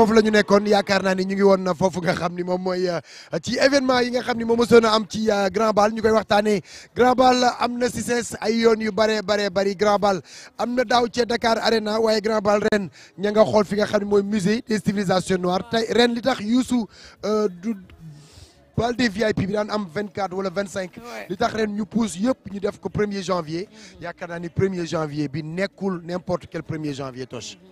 foofu la ñu nekkoon yaakaar naa ni ñu ngi woon foofu nga xam ni moom mooy euh, ci événement yi nga xam ni moom mosoon am ci euh, Grand Bal ñu koy waxtaanee Grand Bal am na si sees ay yoon yu bare bare bari Grand Bal am na daaw cee dakaar Arena waaye Grand Bal ren ña nga xool fi nga xam ni mooy musée des civilisations noires tey ren li tax Youssou euh, du bal de VIP bi daan am 24 wala vingt 25. li tax ren ñu pousse yëpp ñu def ko 1er janvier mm-hmm. yaakaar naa ni 1er bi nekkul n'importe quel 1er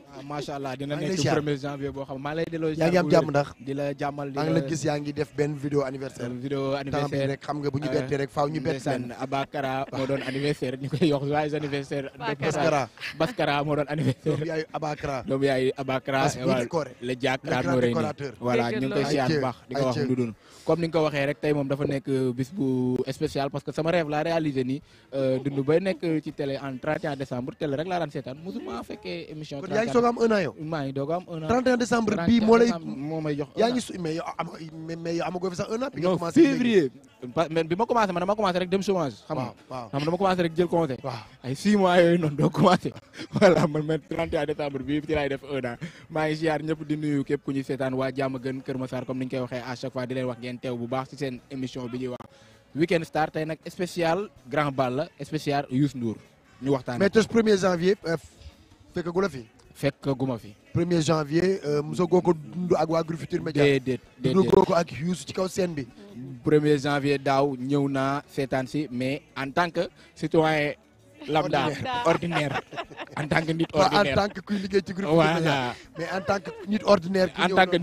waaw ah, macha allah dina nekk premier janvier boo xam maa lay delloo yaa ngi am jàmm ndax di la jàmmal maa ngi la gis yaa ngi def benn vidéo anniversaire vidéo anniversaire rek xam nga bu ñu bettee euh, rek faaw ñu bett benn Abakara moo doon anniversaire ñu koy Abakara doomu yaayu Abakara la jàkkaar ñu koy siyaar bu ni ko waxee rek tey moom dafa nekk euh, bis bu parce que sama rêve laa réalisé nii euh, dund bay nekk ci télé en 31 décembre télé rek laa daan seetaan musuma fekkee émission doog am un an yow. maa ngi doog am un an 31 décembre bii moo lay moo may jox yaa mais yow mais yow amagoo fi sax un an. février bi ma commencé man dama commencé rek dem chômage. xam nga waaw xam nga rek jël conseil. ay 6 mois yooyu noonu doo commencé. voilà man man décembre bii ci def un an maa ngi ziar ñëpp di nuyu képp ku ñu seetaan waa jàmm gën Kër Massar comme ni ñu koy waxee a chaque fois di leen wax ngeen teew bu baax ci seen émission bi ñuy wax Weekend Star tey nag spécial euh, la fi fekk guma fi. 1er janvier euh, mosoo goo ko dund ak waa groupe Futur Media. ak Youssou ci kaw scène bi. 1 janvier daaw ñëw naa seetaan si mais en tant que citoyen lambda ordinaire en tant que nit ordinaire en mais en tant que en tant que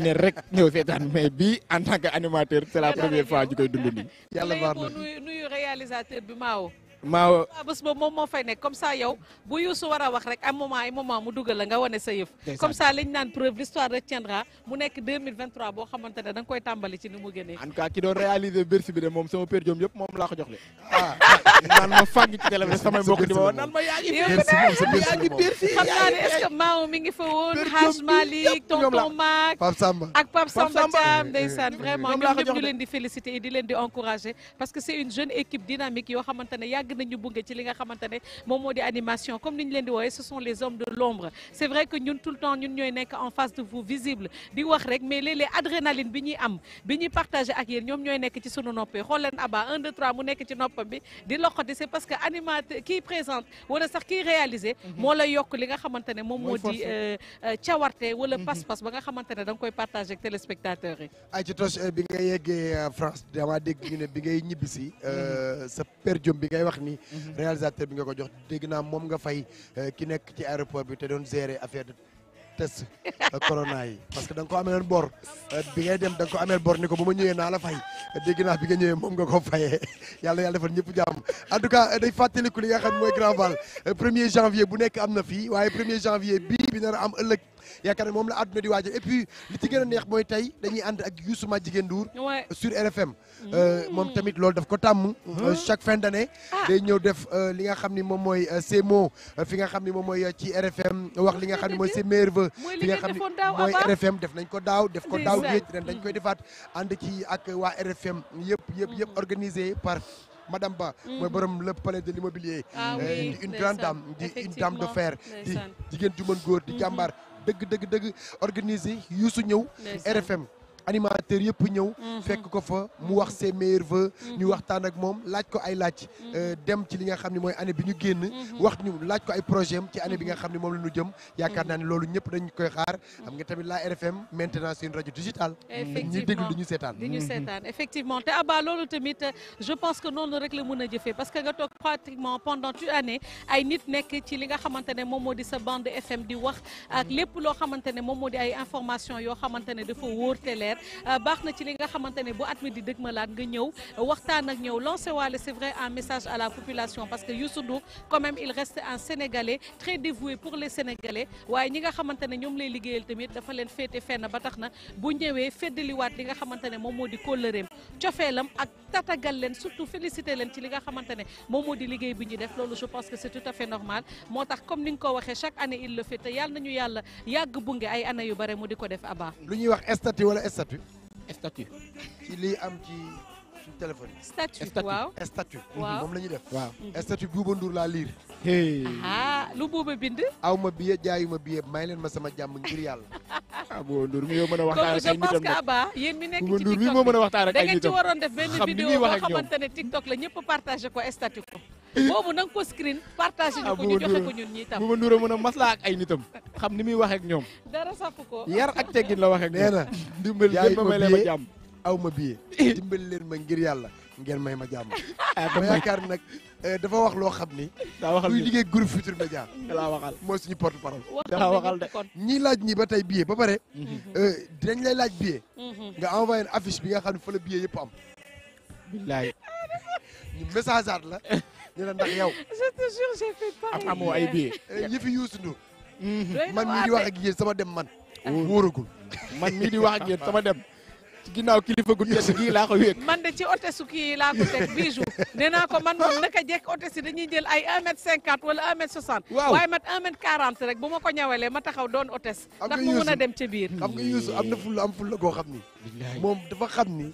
nit rek ñëw seetaan mais bii en tan que animateur c'est la première fois ñu koy dund nii. yàlla baar na nuyu réalisateur bi Mao. maa bés boobu moom moo fay nekk comme ça yow bu Youssou war a wax rek am moment ay moment mu dugal la nga wane sa yëf comme ça liñ naan preuve l'histoire retiendra mu nekk 2023 boo xamante ne da nga koy tàmbali ci ni mu génnee en tout réaliser Bercy bi de moom o père Diom yëpp moom laa ko jox naan ma fàgg ci télé bi samay mbokk di ma wax naan ma ngi yaa ngi xam naa ne est-ce que ngi fa woon Haj Malick tonton Mac Pape Samba ak Pape Samba Thiam ndeysaan vraiment ñoom ñëpp ñu leen di féliciter et di leen di encourager parce que c'est une jeune équipe dynamique yoo xamante ne nañu bunge ci li nga xamante ne moom animation comme ni ñu leen di woowee ce sont les hommes de l'ombre c'est vrai que ñun tout le temps ñun ñooy nekk en face de vous visible di wax rek mais léeg laqati c'est parce que animateur kii présente wala sax kii réalisé mhm. moo lay yokk li nga xamante ne moom moo di euh, euh, cawarte wala mhm. pas-pas ba nga xamante ne da nga koy partagé ak yi ay ci tos euh, bi nga yeggee France damaa dégg ñu ne bi ngay ñibbisi mhm. sa per jom bi ngay wax ni réalisateur bi nga ko jox dégg naa moom nga fay ki nekk ci aéroport bi te doon gérer affaire de test corona parce que da nga ko amee bor bi ngay dem da nga ko amee bor ni ko bu ñëwee naa la fay bi nga ñëwee moom nga ko fayee yàlla yàlla defal ñëpp jàmm en tout cas day fàttaliku li nga xam mooy Grand Val premier janvier bu nekk am a moom la ci a RFM mm. euh, moom mm-hmm. euh, ah. euh, li nga xam ni mooy ses fi nga xam ni moom mooy ci RFM wax li nga xam ni mooy ses nga xam ne mooy RFM def nañ ko daaw def ko daaw géej ren dañ koy defaat ànd ci ak waa RFM yëpp yëpp yëpp mm. organisé par Madame Ba mooy mm. borom le palais de l'immobilier ah euh, di une grande dame di une dame de fer di jigéen ju mën góor di mm-hmm. jàmbaar dëgg dëgg dëgg organisé Youssou ñëw RFM animateur yëpp ñëw mhm. fekk ko fa mu wax ses meilleurs vœux mhm. ñu waxtaan ak moom laaj ko ay laaj mhm. euh, dem ci li nga xam ne mooy année bi ñu génn wax ñu laaj ko ay projet ci année bi nga xam ne moom la ñu jëm yaakaar ne loolu ñëpp dañ koy xaar xam nga tamit la RFM maintenant c'est une ñu seetaan di ñu seetaan effectivement te Abba loolu je pense que noonu rek la mën a jëfee que nga toog pratiquement pendant une nit nekk ci li nga xamante ne moom moo di sa bande FM di wax ak lépp loo xamante ne moom moo di ay information yoo xamante ne dafa wóor te leer Euh, baax na ci li nga xamante ne bu at mi di dëgmalaat nga ñëw waxtaan ak ñëw lancé c'est vrai un message à la population parce que Youssou Ndour quand même il reste un Sénégalais très dévoué pour les Sénégalais waaye ñi nga xamante ñoom lay liggéeyal tamit dafa leen féete fenn ba tax na bu ñëwee feddaliwaat li nga xamante moom moo di kóllëreem cofeelam ak tatagal leen surtout félicité leen ci li nga xamante moom moo di liggéey bi ñu def loolu statut statut ci lii am ci téléphone yi. statut waaw statut mhm, moom la ñuy def. waaw mhm. statut Bouba Ndour laa liir. ah lu Bouba bind. aw ma billet jaayuma billet may leen ma sama jàmm ngir yàlla. ah Bouba Ndour mi a waxtaan ak ay nitam donc je pense que moo mën a waxtaan ak ay nitam da ngeen ci waroon def benn vidéo boo xamante ne TikTok la ñëpp partagé ko statut ko. boobu na ñu ko ñu joxe ko ñun ñi tam ah, Bouba Ndour a mën a ak ay nitam xam ni muy waxee ak ñoom. dara sàpp ko yar ak teggin la waxee ak ñoom. nee na ndimbal jàmm aw ma billet dimbali leen ma ngir yàlla ngeen may ma jàmm. Ah, ma yaakaar nag eh, dafa wax loo xam ni. daa waxal kuy liggéey groupe Futurs Médias. daa waxal mooy suñu porte parole. daa ñii laaj ñi ba tey billet ba pare. Mhm. Mhm. Eh, dinañ lay laaj billet. Mhm. nga envoyé affiche bi nga xam ne fa la billet yëpp am. la. ñu ne ndax yow. je amoo ay billets. Eh, yëfi Youssou Ndour. man mii di wax ak yéen sama dem man. wóoragul man mii di wax ak yéen sama dem. ci ginnaaw kilifa gu tedd laa ko wéet man de ci ote su kii laa ko teg bijou nee ko man moom naka jekk ote si dañuy jël ay 1 mètre 50 wala 1 mètre 60 waaw waaye mat 1 mètre 40 rek bu ma ko ñawalee ma taxaw doon otes ndax mu mën a dem ca biir xam nga yuusu am na fulla am fulla goo xam ni moom dafa xam ni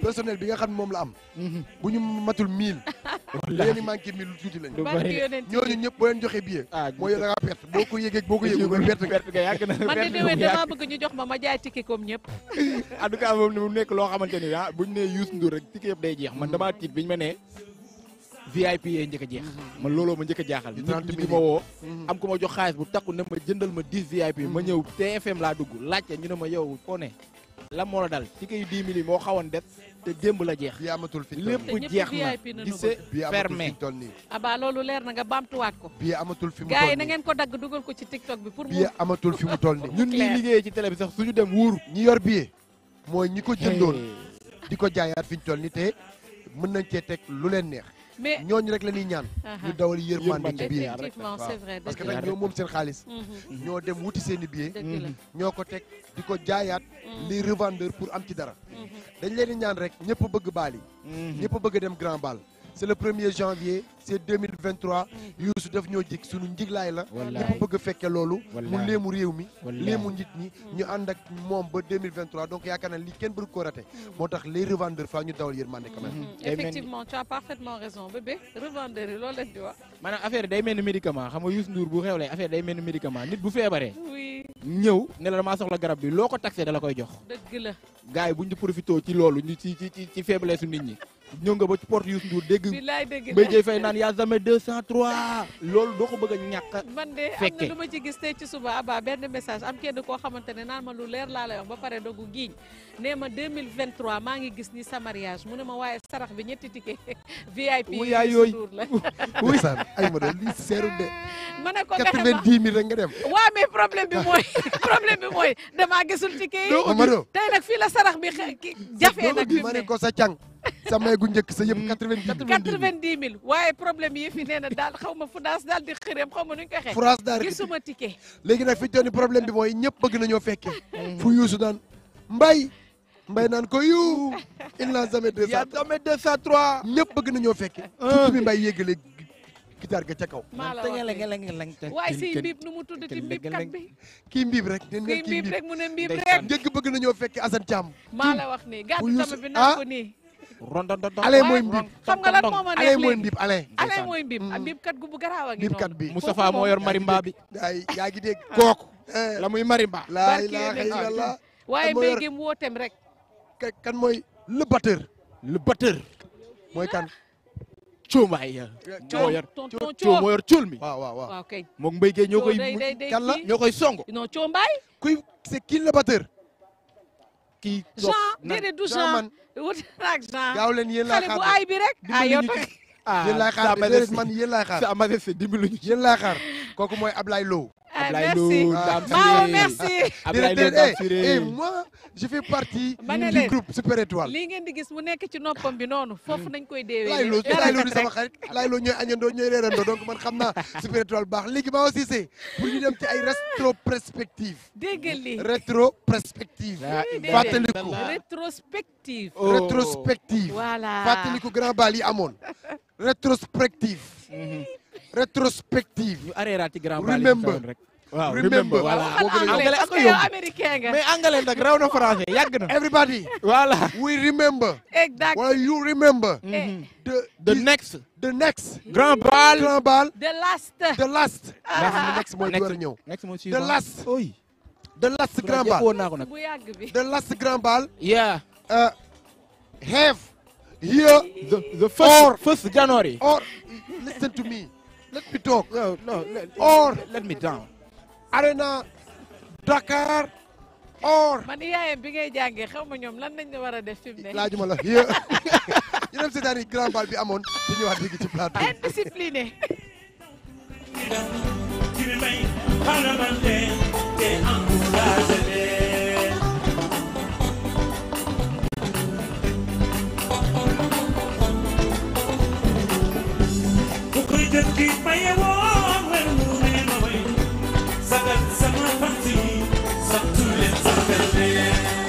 personnel bi nga xam moom la am. Mhm. bu ñu matul 1000. wallaahi yéen i manqué 1000 lu tuuti lañ. ñooñu ñëpp boo leen joxe billet. ah mooy da ngaa perte boo ko yëgee boo ko yëgul perte nga. perte nga na man de ñu jox ma ma jaay ticket comme ñëpp. en tout cas moom mu nekk loo xamante ni ah bu ñu nee Youssou rek ticket yëpp day jeex man mm. damaa tiit bi ma nee. VIP yee njëkk a jeex. Mm. man looloo ma njëkk a jaaxal. nit ma woo. Mm. am ku jox xaalis bu takku ne ma jëndal ma 10 VIP. ma ñëw TFM laa dugg laajte ñu ne ma yow foo la dal ticket yi 10 000 te démb la jeex. bii amatul fi lépp jeex na lycée fermé. abaa ah loolu leer na nga baamtuwaat ko. bii amatul fi mu toll nii na ngeen ko dagg dugal ko ci TikTok bi pour mu. bii amatul fi mu toll nii. ñun ñi liggéeyee ci télé bi sax suñu dem wuuru. ñi yor billet mooy ñi ko jëndoon. di ko jaayaat fi ñu toll nii te mën nañ cee teg lu leen neex. mais ñooñu rek la ñuy ñaan. Uh-huh. ñu dawal yërmande ci biir effectivement c'est vrai parce que nag ñoo moom seen xaalis. Mm-hmm. ñoo dem wuti seen i mm-hmm. ñoo ko teg di ko jaayaat. Mm-hmm. li revendeur pour am ci dara. dañ leen di ñaan rek ñëpp bëgg baal yi. ñëpp bëgg dem grand bal c'est le premier janvier c'est 2023 mm-hmm. Youssou daf ñoo jig suñu njiglaay la ñëpp bëgg a fekke loolu mu léemu réew mi léemu nit ñi ñu ànd ak moom ba 2023 donc yaakaar naa li kenn bëgg ko raté mm-hmm. moo tax les revendeurs fa ñu dawal yërmande quand même mm-hmm. effectivement tu as parfaitement raison bébé revendeur yi loolu di wax maanaam affaire day mel ni médicament xam nga Youssou Ndour bu xewlee affaire day mel ni médicament nit bu feebaree ñëw ne la damaa soxla garab bi loo ko taxé da la koy jox dëgg yi bu ñu di profité loolu ñu ci ci ci faiblesse nit ñi ñëw nga ba ci porte Youssou dégg Mbaye Dieye Faye naan yaa jamais 203 loolu doo ko bëgg a ñàkk man de am na lu ma ci gis tey ci suba aba benn message am kenn koo xamante ne naan ma lu leer laal a wax ba pare dogu giiñ nee ma 2023 maa ngi gis ni sa mariage ne ma waaye sarax bi ñetti ticket VIP Youssou Ndour la ndeysaan ay ma doon lii seeru de ma ne ko nga xam quatre nga dem waaw mais problème bi mooy problème bi mooy damaa gisul ticket fii la sarax bi jafe nag ma ne ko sa càng sa may gu njëkk sa yëpp quatre vingt dix quatre vingt dix mille waaye problème yi fi daal xaw ma France daal di xëreem xaw ma nuñ ko xeex France daal gisuma ticket léegi nag fi ñu toll ni problème bi mooy ñëpp bëgg nañoo fekkee fu yuusu daan mbay mbay naan ko yu il n'a jamais deux cent jamais deux cent trois ñëpp bëgg nañoo fekke surtout bi mbay yéegale guitare ga ca kaw waaye si mbiib nu mu tudd ci mbiib kat bi kii mbiib rek kii mbiib rek mu ne mbiib rek njëkk bëgg nañoo fekkee Assane Thiam maa wax ah nii gàtt sama bi naa ko rondondondong ale mooy mbib ale mooy mbib ale ale mooy mbib a ngi noonu kat bi Moustapha moo yor marimba bi ay yaa ngi dégg la muy marimba la ilaha illallah waaye wootem rek kan mooy le batteur le batteur mooy ya moo yor Cool mi waaw waaw waaw ñoo koy kan la ñoo kuy c'est qui le kii Jean déedéet du Jean wut naag Jean gaaw leen yéen laa xaar bu aay bi rek ah yow tax yéen laa ah, xaar man yéen laa xaar sa amade si dimbaluñu yéen laa xaar kooku mooy Ablaye Lo Ah, Ablaye Lo ah. Dame Furé merci Ablaye Lo Dame Furé eh, et eh, moi je fais partie du groupe Super Étoile lii ngeen di gis mu nekk ci noppam bi noonu foofu nañ koy deewee Ablaye Lo Ablaye Lo di sama xarit Ablaye Lo ñooy añandoo ñooy reerandoo donc man xam naa Super Étoile baax léegi maa aussi c'est pour ñu dem ci ay rétro perspective dégg nga lii rétro perspective ah, fàttaliku rétrospective oh. rétrospective voilà fàttaliku grand bal yi amoon rétrospective rétrospective ñu arrêté ci grand bal yi remember waaw remember voilà américain nga mais anglais na yàgg everybody. voilà we remember. exactly you remember. Mm-hmm. Eh. the next. grand bal the last. grand bal. the last grand bal. yeah. Uh, here. the first January. or let me down. arena Dakar or. man IAM bi ngay jàngee xaw ma ñoom lan lañ la war a def fi mu ne. laajuma la yéen ñu dem seetaani grand bal bi amoon di ñëwaat léegi ci plateau. indiscipliné. Keep sama parti sax tu leen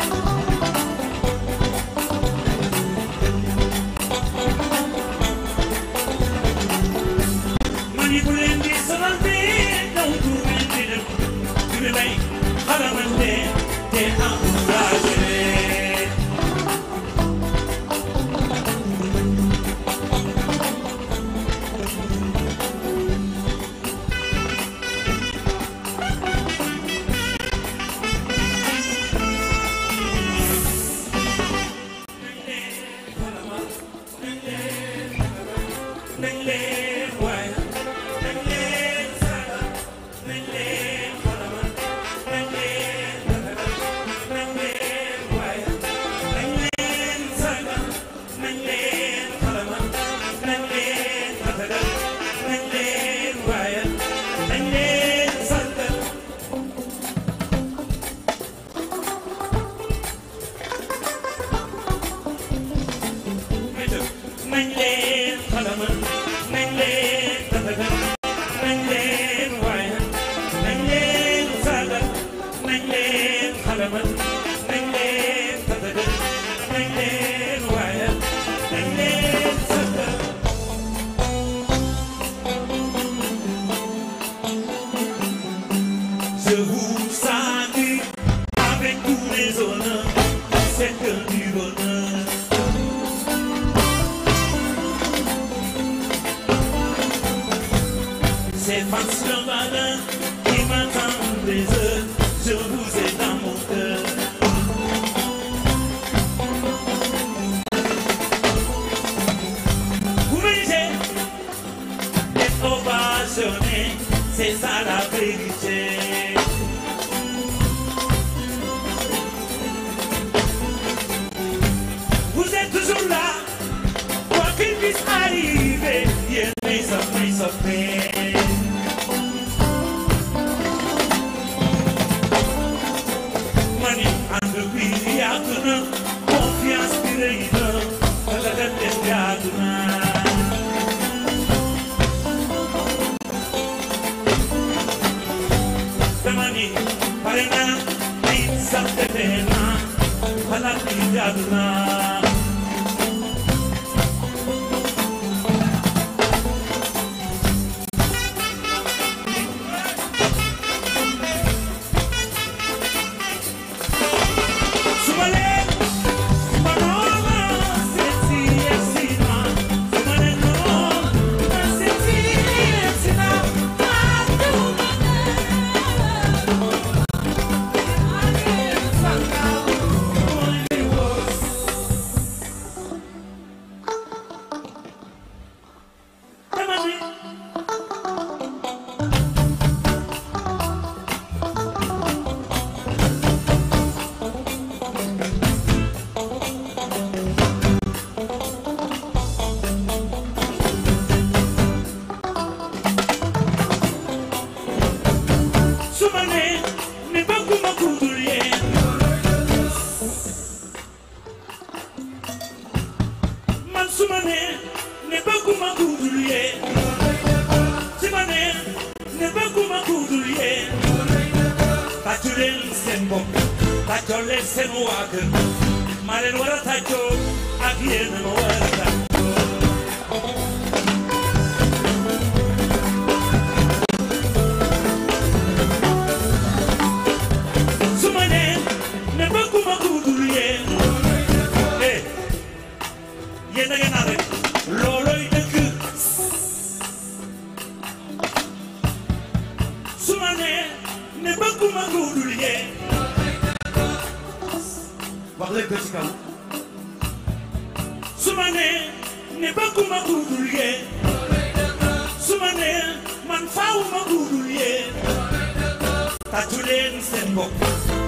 leen seen bopp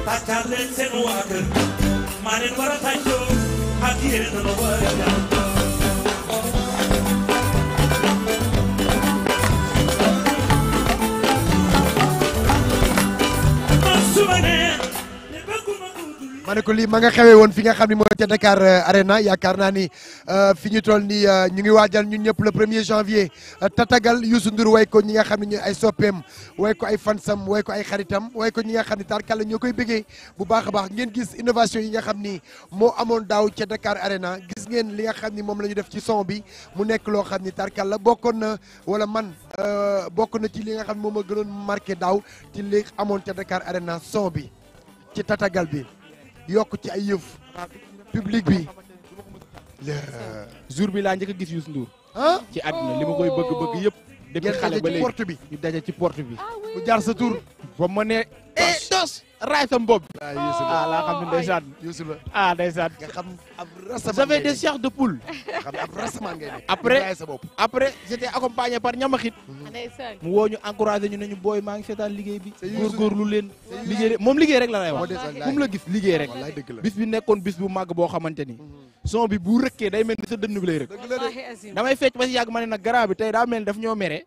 tàccal leen seen waa kër maa leen war a tàccoo ak yéen a ma war a ma ne ko nga xewee woon fi nga xam ne moo ca Dakar euh, Arena yaakaar naa ni euh, fi ñu toll nii euh, ñu ngi waajal ñun ñëpp la premier janvier tatagal Youssou Ndour way ko ñi nga xam ne ñooy ay soppeem way ko ay fansam way ko ay xaritam waaye ko ñi nga xam ne la ñoo koy bëggee bu baax a baax ngeen gis innovation yi nga xam ni moo amoon daaw ca Dakar Arena gis ngeen li nga xam ni moom la ñu def ci son bi mu nekk loo xam ni tarkaal la bokkoon na wala man bokk na ci li nga xam ne moom a gënoon marqué daaw ci li amoon ca Dakar Arena son bi ci tatagal bi yokk ci ay yëf public bi jour bi laa njëkk a gis Youssou Ndour ci àdduna li ma koy bëgg-bëgg yëpp depuis xale ba bi ñu daje ci porte bi ah mu jar sa tur ba ma ne e tos. raay sa mbob. Ah, ah laa xam ne ndeysaan. Youssou la ah ndeysaan. nga xam ab rasamaan de poule. nga xam ab rasamaan ngay nekk. après après j'étais accompagné par ñamaxit. Mhm. ndeysaan mu woo ñu encouragé ñu ne ñu booy maa ngi seetaan liggéey bi. lu leen. liggéey moom liggéey rek la lay wax. moom la gis liggéey rek. bis bi nekkoon bis bu màgg boo xamante ni. Mhm. son bi bu rëkkee day mel ni sa dënn bi lay rëkk. Ah, damay fecc ba si yàgg ma ne nag garab bi tey daa mel ni daf ñoo mere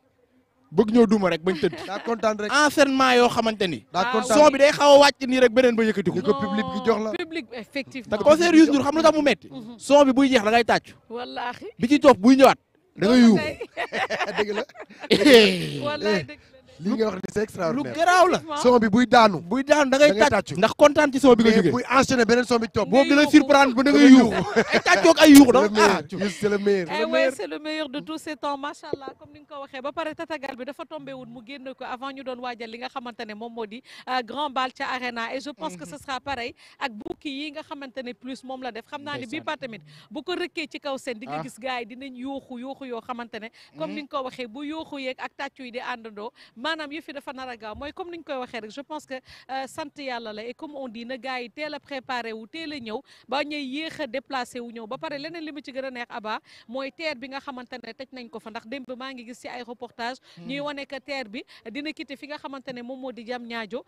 bëgg ñoo duma rek bañ tëdd. daa kontaan rek enfermement yoo xamante ni. daa kontaan son bi day xaw a wàcc nii rek beneen ba yëkkati ko. ko public bi jox la public effectivement. te concert Youssou xam lu tax mu metti mhm. son bi buy jeex bi ci topp buy ñëwaat da ngay yuux dëgg la. li nga wax ni c'est extraordinaire lu garaaw la. son buy daanu. buy daanu da ngay ndax kontaan ci son bi nga jógee. buy enchaîné beneen son bi boobu da lay surprendre ba da ay tàccoo ak ay yuux da ah, eh meilleur. de tous ces temps macha allah comme ni nga ko waxee ba pare tatagal bi dafa tombé wul mu génn ko avant ñu doon waajal li nga xamante ne moom moo di euh, grand bal ca arena et je pense que mhm. ce sera pareil ak bukki yi nga xamante ne plus moom la def xam naa ne bii pas tamit bu ci kaw seen di nga ah. gis gars yoo xamante ne comme mhm. ni nga ko waxee bu yuuxu yeeg ak tàccu yi di àndandoo maanaam yëf yi dafa nar a mooy comme ni ñu koy waxee rek je pense que euh, sant yàlla la et comme on dit na gars yi teel a préparé wu teel a ñëw ba ñuy yéex a déplacé wu ñëw ba pare leneen li mu ci gën a neex aba mooy teer bi nga xamante ne tëj nañ ko fa ndax démb maa ngi gis ci ay reportage hmm. ñuy wane teer bi dina quitté fi nga xamante ne moom moo di jam ñaajo